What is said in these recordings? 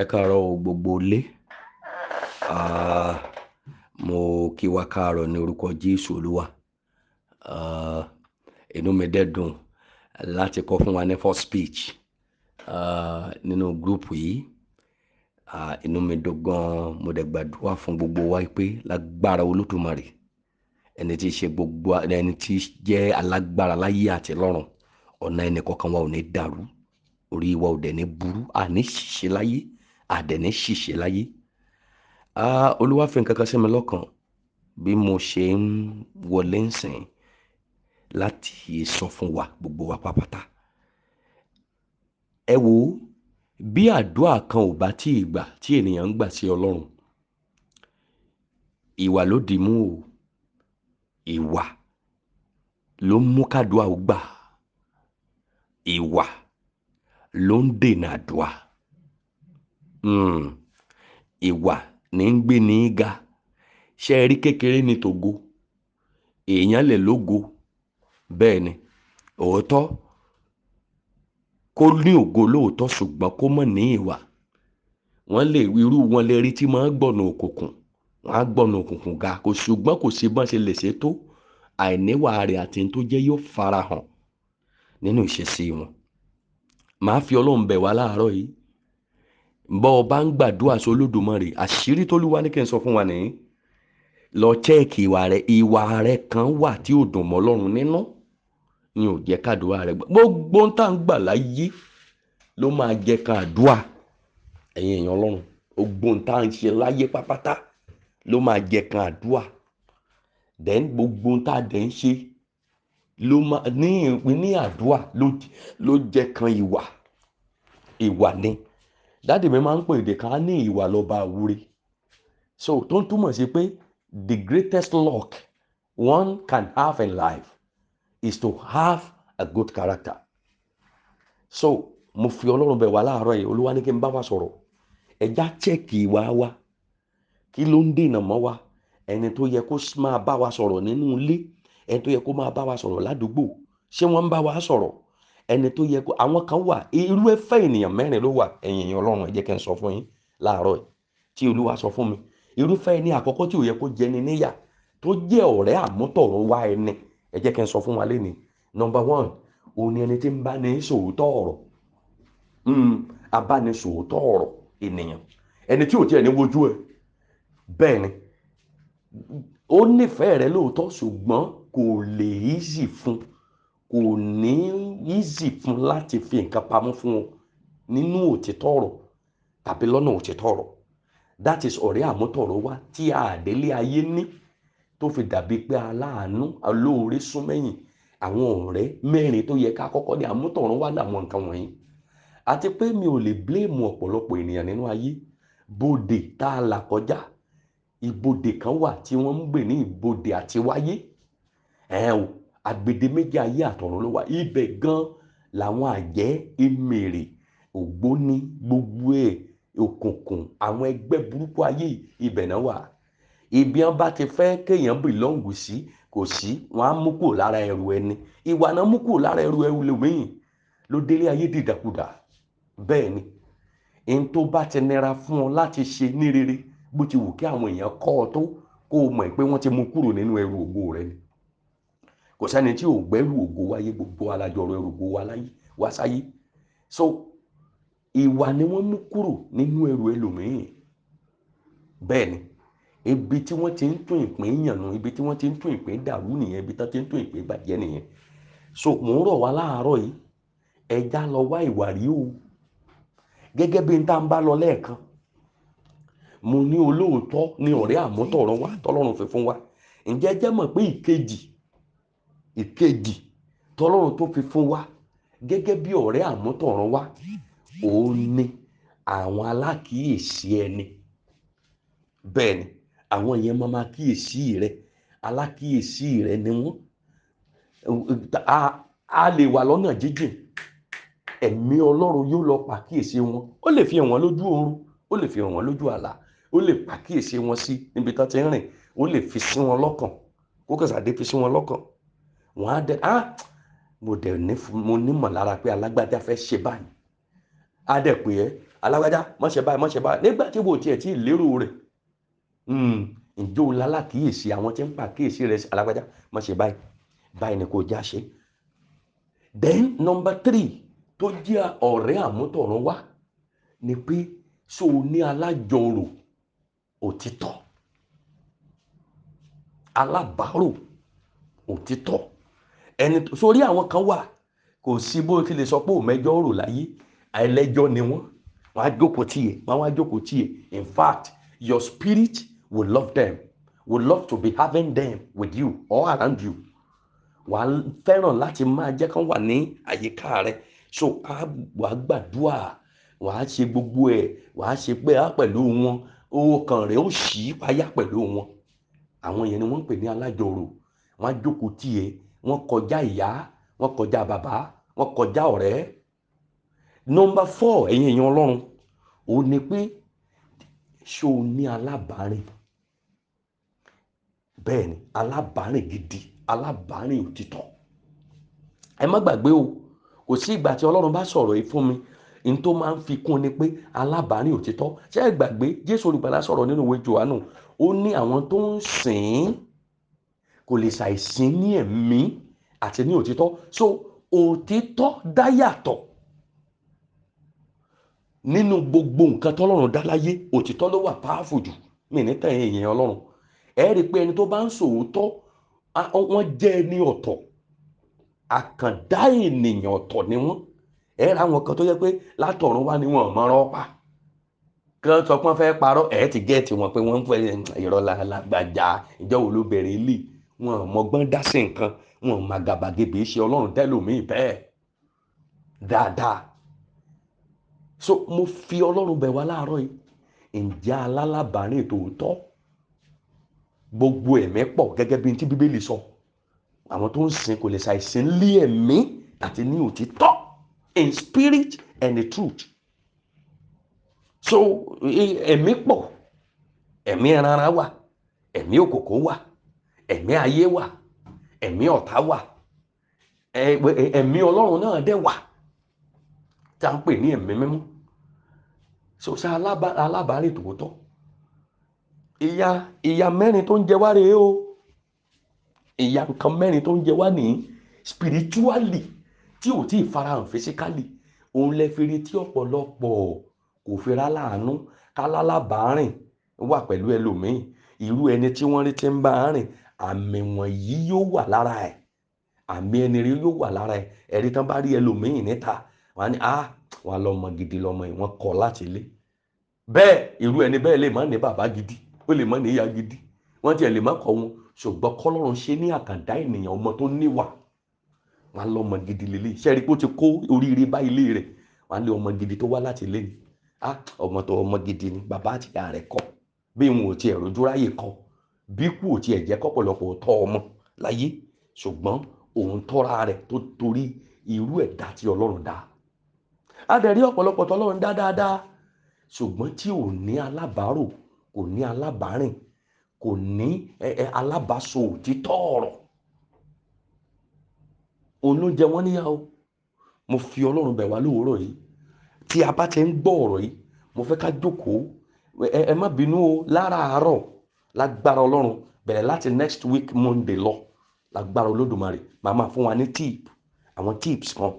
ẹ káàárọ̀ gbogbo ilé mo kí wa káàárọ̀ ní orúkọ jésù olúwa inú mi dẹ̀ dùn láti kọ́ fún wa ní first speech nínú gúrùpù yìí inú mi dùn gan-an mo dẹ̀ gbàdúrà fún gbogbo wa pé lágbára olódùmarè ẹni tí í ṣe gbogbo ẹni tí í jẹ́ alágbára láyé àti lọ́run ọ̀nà ẹnì kọ̀ọ̀kan wa ò ní dàrú orí wa ò dẹ̀ ní burú àní ṣìṣe láyé àdẹ̀ní ṣìṣe láyé olúwa fi nǹkan kan sí mi lọ́kàn bí mo ṣe ń wọlé ń sìn láti sọ fún wa gbogbo wa pápátá ẹ wo bí àdúrà kan ò bá tí ì gbà tí ènìyàn ń gbà sí ọlọ́run ìwà ló dì mú o ìwà ló mú kádùá ó gbà ìwà ló ń dènà àdúrà um ìwà ní í gbéni ga ṣe rí kékeré ní tògo èèyàn lè lógo bẹ́ẹ̀ ni òótọ́ kó ní ògo lóòótọ́ ṣùgbọ́n kó mọ̀ ní ìwà wọ́n lè irú wọn lè rí tí máa ń gbọ̀nà òkùnkùn wọ́n á gbọ̀nà òkùnkùn ga kò ṣùgbọ́n kò sí bọ́n ṣe lè ṣe tó àìníwà rẹ̀ àti tó jẹ́ yóò farahàn nínú ìṣesí wọn màá fi ọlọ́run bẹ̀ wá láàárọ̀ yìí bọ́ ọ bá ń gbàdúrà sí olódùmarè àṣírí tó lúwa ní kí n sọ fún wa nìyí lọ chẹ́ẹ̀kì ìwà rẹ ìwà rẹ kan wà tí ò dùn mọ́ lọ́rùn nínú ni ò jẹ́ kàdúrà rẹ gbogbo ń tà ń gbà láyé ló máa jẹ́ kàdúrà ẹ̀yin èèyàn ọlọ́run gbogbo ń tà ń ṣe láyé pápátá ló máa jẹ́ kàdúrà then gbogbo ń tà dẹ̀ ń ṣe ló máa ní ní àdúrà ló jẹ́ kan ìwà ìwà ni dáàdì mi máa ń pè èdè kan á ní ìwà lọ́ba àwúre so tó ń túmọ̀ sí pé the greatest luck one can have in life is to have a good character so mo fi ọlọ́run bẹ̀ wá láàárọ̀ yìí olúwa ní kí n bá wa sọ̀rọ̀ ẹja chẹ́ẹ̀kì ìwà wa kí ló ń dènà mọ́ wa ẹni tó yẹ kó máa bá wa sọ̀rọ̀ nínú ilé ẹni tó yẹ kó máa bá wa sọ̀rọ̀ ládùúgbò ṣé wọ́n ń bá wa sọ̀rọ̀ ẹni tó yẹ kó àwọn kan wà irú ẹ̀fẹ̀ ènìyàn mẹ́rin ló wà ẹ̀yin èèyàn ọlọ́run ẹ jẹ́ kí n sọ fún yín láàárọ̀ yìí tí olúwa sọ fún mi irúfẹ́ ẹni àkọ́kọ́ tí ò yẹ kó jẹni níyà tó jẹ́ ọ̀rẹ́ àmútọ̀run wá ẹni ẹ jẹ́ kí sọ fún wa lẹ́ni number one òun ni ẹni tí ń bá ní sòótọ́ ọ̀rọ̀ hmm, abánisòótọ́ ọ̀rọ̀ ènìyàn ẹni tí ò tiẹ̀ ní wojú ẹ bẹ́ẹ̀ ni ó nífẹ̀ẹ́ rẹ lóòótọ́ ṣùgbọ́n kò lè easy fún un kò ní easy fún láti fi nǹkan pamọ́ fún ọ nínú òtítọ́ ọ̀rọ̀ tàbí lọ́nà òtítọ́ ọ̀rọ̀ that is ọ̀rẹ́ àmútọ̀rọ̀ wá tí àdélé ayé ní tó fi dàbí pé aláàánú olóore súnmẹ́yìn àwọn ọ̀rẹ́ mẹ́rin tó yẹ ká kọ́kọ́ ní àmútọ̀rọ̀ wá làwọn nǹkan wọ̀nyí àti pé mi ò lè blame ọ̀pọ̀lọpọ̀ ènìyàn nínú ayé bòdè tá a là kọjá ibodè kan wà tí wọ́n ń gbè ní àgbèdéméjì ayé àtọ̀run ló wà ibẹ̀ gan làwọn àjẹ́ emèrè ògbóni gbogbo ẹ̀ òkùnkùn àwọn ẹgbẹ́ burúkú ayé ibẹ̀ náà wà ibi wọn bá ti fẹ́ kéèyàn bìlọ́ǹgù sí kò sí wọn á mú kúrò lára ẹrù ẹni ìwà náà mú kúrò lára ẹrù ẹrù lòmíì ló délé ayé dìdàkudà bẹ́ẹ̀ ni ẹni tó bá ti nira fún ọ láti ṣe ní rere bó ti wù kí àwọn èèyàn kọ́ ọ tó kó o mọ̀ pé wọ́n ti mú kúrò nínú ẹrù ògbó rẹ ni kò sẹ́ni tí ò gbẹ́rù ògo wáyé gbogbo alájọrò ẹrù ògo wá sáyé so ìwà ni wọ́n mú kúrò nínú ẹrù ẹlòmíì bẹ́ẹ̀ ni ibi tí wọ́n ti ń tún ìpín yànnà ibi tí wọ́n ti ń tún ìpín dàrú nìyẹn ibi tí wọ́n ti ń tún ìpín bàjẹ́ nìyẹn so mò ń rọ̀ wá láàárọ̀ yìí ẹja lọ wá ìwà rí o gẹ́gẹ́ bí n tá n bá lọ lẹ́ẹ̀kan mo ní olóòótọ́ ní ọ̀rẹ́ àmútọ̀rọ̀ wa tọ́lọ́run fi fún wa ǹjẹ́ jẹ́ mọ̀ pé ìkejì ìkejì tọ́lọ́run tó fi fún wa gẹ́gẹ́ bí ọ̀rẹ́ àmútọ̀ràn wa òun ni àwọn alákìíyèsí ẹni bẹ́ẹ̀ ni àwọn yẹn máa máa kíyèsí rẹ alákìíyèsí rẹ ni wọ́n a lè wà lọ́nà jíjìn ẹ̀mí ọlọ́run yóò lọ pàkíyèsí wọn ó lè fi hàn wọ́n lójú oorun ó lè fi hàn wọ́n lójú àlá ó lè pàkíyèsí wọn sí níbi tó ti ń rìn ó lè fi sí wọn lọ́kàn kó fi sí wọn lọ́kàn wọ́n á dẹ̀ ah mo dẹ̀ ní mo ní mọ̀lára pé alágbájá fẹ́ ṣe báyìí á dẹ̀ pé ẹ́ alágbájá má báyìí má báyìí nígbà tí wo tiẹ̀ tí lérò rẹ̀ hmm, ǹjọ́ o lálákìyèsí àwọn tí ń pa kíyèsí rẹ̀ alágbájá má báyìí báyìí ni kò já ṣe. then number three tó jẹ́ ọ̀rẹ́ àmútọ̀run wá ni pé so ní alájọrò òtítọ́ alábàárò òtítọ́ ẹni sórí àwọn kan wà kò sí bó ti lè sọ pé òmẹjọ rò láyé àìlẹ́jọ́ ni wọ́n wọ́n á jókòó tiẹ̀ wọ́n á jókòó tiẹ̀ in fact your spirit will love them will love to be having them with you or around you wà á fẹ́ràn láti máa jẹ́ kán wà ní àyíká rẹ so wà á gbàdúrà wà á ṣe gbogbo ẹ̀ wà á ṣe pé á pẹ̀lú wọn ọkàn rẹ̀ ó ṣì í payá pẹ̀lú wọn àwọn yẹn ni wọ́n ń pè ní alájọrò wọ́n á jókòó tiẹ̀ wọ́n kọjá ìyá wọ́n kọjá bàbá wọ́n kọjá ọ̀rẹ́ nọmba four ẹ̀yin èèyàn ọlọ́run òun ni pé ṣé o ní alábàárìn bẹ́ẹ̀ ni alábàárìn gidi alábàárìn òtítọ́ ẹ má gbàgbé o kò sí ìgbà tí ọlọ́run bá sọ̀rọ̀ yìí fún mi n tó máa ń fi kún ni pé alábàárìn òtítọ́ ṣé ẹ gbàgbé jésù olùgbàlà sọ̀rọ̀ nínú ìwé johannu ó ní àwọn tó ń sìn ín kò lè ṣàìsí ní ẹ̀mí àti ní òtítọ́ so òtítọ́ dá yàtọ̀ nínú gbogbo nǹkan tọ́lọ́run dá láyé òtítọ́ ló wà powerful jù mí ní tẹ̀yìn èèyàn ọlọ́run ẹ rí i pé ẹni tó bá ń sòótọ́ wọ́n jẹ́ ẹni ọ̀tọ̀ àkàndá ènìyàn ọ̀tọ̀ ni wọ́n ẹ ra àwọn kan tó yẹ pé látọ̀run wá ni wọ́n mọ́rọ́ pa kan sọ pé wọ́n fẹ́ parọ́ ẹ̀ ti gẹ́ẹ̀tì wọn pé wọ́n ń fẹ́ ìrọ̀lá lágbàjá ìjọ wo ló bẹ̀rẹ̀ eléyìí wọn ò mọgbọ́n dá sí nǹkan wọn ò má gàbàgebè ṣe ọlọ́run tẹ́lòmíì bẹ́ẹ̀ dáadáa so mo fi ọlọ́run bẹ̀ wá láàárọ̀ yìí ǹjẹ́ alálàbárín tòótọ́ gbogbo ẹ̀mí pọ̀ gẹ́gẹ́ bí n tí bíbélì sọ àwọn tó ń sin kò lè ṣàìsìn lé ẹ̀mí àti ní òtítọ́ in spirit and in truth so ẹ̀mí pọ̀ ẹ̀mí ẹran ara wà ẹ̀mí òkòkò wà ẹ̀mí ayé wà ẹ̀mí ọ̀tá wà ẹ̀mí ọlọ́run náà dẹ̀ wà tá ń pè ní ẹ̀mí mímọ́ so ṣe alábàárẹ̀ tòótọ́ ìyà ìyà mẹ́rin tó ń jẹ wá rèé o ìyà nǹkan mẹ́rin tó ń jẹ wá nìyí spiritually tí ò tí farahàn physically òun lè fi rí tí ọ̀pọ̀lọpọ̀ kò fi rá láàánú kálálàbárìn wà pẹ̀lú ẹlòmíì irú ẹni tí wọ́n rí ti ń bá rìn àmì wọ̀nyí yóò wà lára ẹ̀ àmì ẹni rí yóò wà lára ẹ̀ ẹ̀rí tán bá rí ẹlòmíì níta wọn ni ah wọn lọmọ gidi lọmọ yìí wọn kọ láti ilé bẹ́ẹ̀ irú ẹni bẹ́ẹ̀ lè má ní bàbá gidi ó lè má ní ìyá gidi wọn tiẹ̀ lè má kọ wọn ṣùgbọ́n kọ́lọ́run ṣe ní àkàndá ènìyàn ọmọ tó níwà wọn lọmọ gidi lélẹ̀ sẹ́ẹ̀rí pé ó ti kó oríire bá ilé rẹ̀ wọn lé ọmọ gidi tó wá láti ilé ni ah ọmọ tó ọmọ gidi ni bàbá àtìyá rẹ̀ kọ bí wọn ò tiẹ̀ rojú ráyè kọ́ bí kú ò tiẹ̀ jẹ́ kọ́pọ̀lọpọ̀ tọ́ ọmọ láyé ṣùgbọ́n òun tọ́ra rẹ̀ tó torí irú ẹ̀dá tí ọlọ́run dá adẹ̀rí ọ̀pọ̀lọpọ̀ tọ́lọ́run dá dáadáa ṣùgbọ́n tí ò ní alábàárò kò ní alábàárìn kò ní alábàáṣọ òtítọ́ ọ̀rọ̀ òun ló jẹ wọ́n níyàwó mo fi ọlọ́run bẹ̀ wá lóòrọ̀ yìí tí a bá ti ń gbọ́ ọ̀rọ̀ yìí mo fẹ́ ká jókòó ẹ má bínú o láràárọ̀ lágbára ọlọ́run bẹ̀rẹ̀ láti next week monday lọ lágbára olódùmarè màá máa fún wa ní tip àwọn tips kan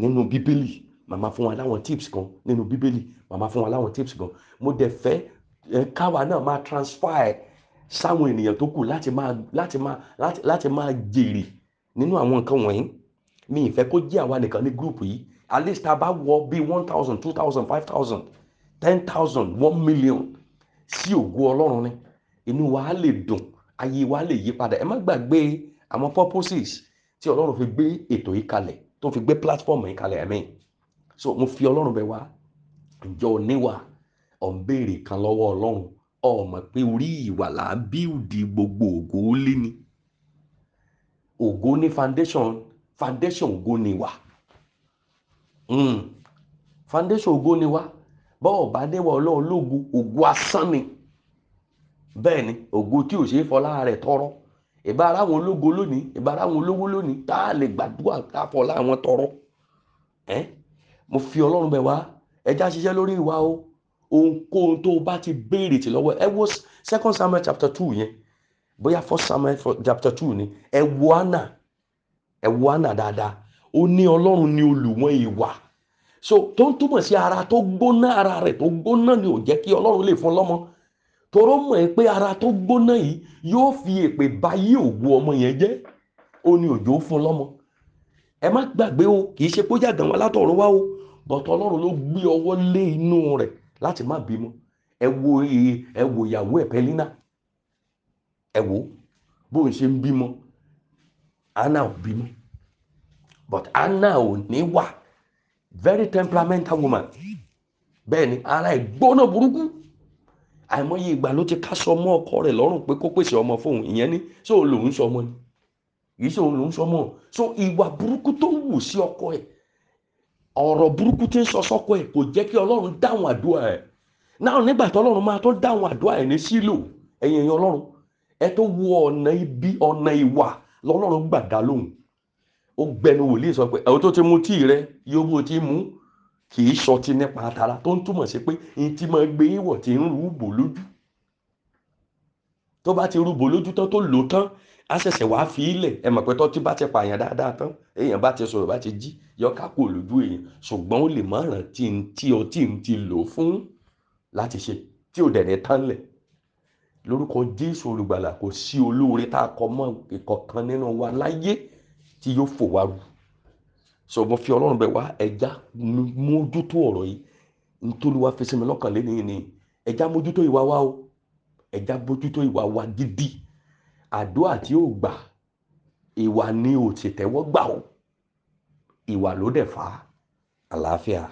nínú bíbélì màá máa fún wa láwọn tips kan nínú bíbélì màá máa fún wa láwọn tips kan mo dẹ̀ fẹ́ káwa náà máa transfer sáwọn ènìyàn tó kù láti máa láti máa láti máa jèrè nínú àwọn nǹkan wọ̀nyí mi ìfẹ́ kó jẹ́ àwa nìkan ní gúrùpù yìí at least a bá wọ bíi one thousand two thousand five thousand ten thousand one million sí ògo ọlọ́run ni inú wa á lè dùn ayé wa á lè yí padà ẹ má gbàgbé àwọn purposes tí ọlọ́run fi gbé ètò yìí kalẹ̀ tó fi gbé platform yìí kalẹ̀ ẹ̀mí so mo fi ọlọ́run bẹ̀ wá ǹjọ́ níwà ọ̀ ń béèrè kan lọ́wọ́ ọlọ́run ọmọ pé orí ìwà là á gbogbo ògo lé ni ògo ní foundation foundation ògo ni wà hmm. foundation ògo ni wà bọ́ọ̀ bá déwọ̀ ọlọ́run lógo ògo asán ni bẹ́ẹ̀ ni ògo tí ò ṣe é fọlá rẹ̀ tọrọ ìbá ara àwọn ológo lónìí ìbá ara àwọn olówó lónìí tá a lè gbàdúrà tá a fọlá àwọn tọrọ ẹ mo fi ọlọ́run bẹ̀ wá ẹja ṣiṣẹ́ lórí ìwà o ohunkóhun tó o bá ti béèrè tì lọ́wọ́ ẹ wo second samuel chapter two yẹn bóyá first samuel chapter two ni ẹ wo àná ẹ wo àná dáadáa ó ní ọlọ́run ní olùwọ̀n ìwà so tó ń túmọ̀ sí ara tó gbóná ara rẹ̀ tó gbóná ni ò jẹ́ kí ọlọ́run lè fún lọ́mọ tọrọ mọ̀ pé ara tó gbóná yìí yóò fi èpè báyé òwú ọmọ yẹn jẹ́ ó ní òjò fún lọ́mọ ẹ má gbàgbé o kì í ṣe pé ó yàgàn wá o bọ̀tọ̀ ọlọ́run ló gbé ọwọ́ lé inú rẹ̀ láti má bímọ ẹ wo ẹ wo ìyàwó ẹ̀ pẹ́línà ẹ wo bó ń ṣe ń bímọ anna ò bímọ but anna ò ní wà very temperamental woman bẹẹni ara ẹ̀ gbóná burúkú. àìmọye ìgbà ló ti ká sọmọ ọkọ rẹ̀ lọ́rùn pé kó pèsè ọmọ fóun ìyẹn ni so lòun sọmọ ni kì í ṣe lòun sọmọ so ìwà burúkú tó ń wù sí ọkọ ẹ̀ ọ̀rọ̀ burúkú tí ń sọ sọ́kọ ẹ̀ kò jẹ́ kí ọlọ́run dáhùn àdúrà ẹ̀ náà nígbà tí ọlọ́run máa tó dáhùn àdúrà ẹ̀ ní sílò ẹ̀yìn ẹ̀yìn ọlọ́run ẹ tó wo ọ̀nà ibi ọ̀nà ìwà lọ́lọ́run gbàdá lóhùn ó gbẹnu wòlíì sọ pé ẹ̀ kì í sọtí nípa atara tó ń túmọ̀ sí pé n tí máa gbé ìwọ̀ tí ń rúbò lójú tó bá ti rúbò lójú tán tó lò tán á ṣẹ̀ṣẹ̀ wá fi ilẹ̀ ẹ mọ̀ pé tọ́tí bá ti pààyàn dáadáa tán èèyàn bá ti sọ̀rọ̀ bá ti jí yọká kò lójú èèyàn ṣùgbọ́n ó lè mọ̀ràn tí n tí ọ tí n ti lò fún láti ṣe tí ò dẹ̀ tán lẹ̀ lórúkọ Jésù olùgbàlà kò sí olóore tá a kọ mọ́ ìkọ̀kan nínú wa láyé tí yóò fò wá rú so mo fi ọlọ́run bẹ̀ wá ẹja mójútó ọ̀rọ̀ yìí ntòlúwa fẹsẹ̀ mi lọ́kàn lẹ́nu yìí ni ẹja mójútó ìwà wa o ẹja mójútó ìwà wa gidi àdúrà tí ó gbà ìwà ni ò tètè wọ́n gbà o ìwà ló dẹ̀ fà á àlàáfíà.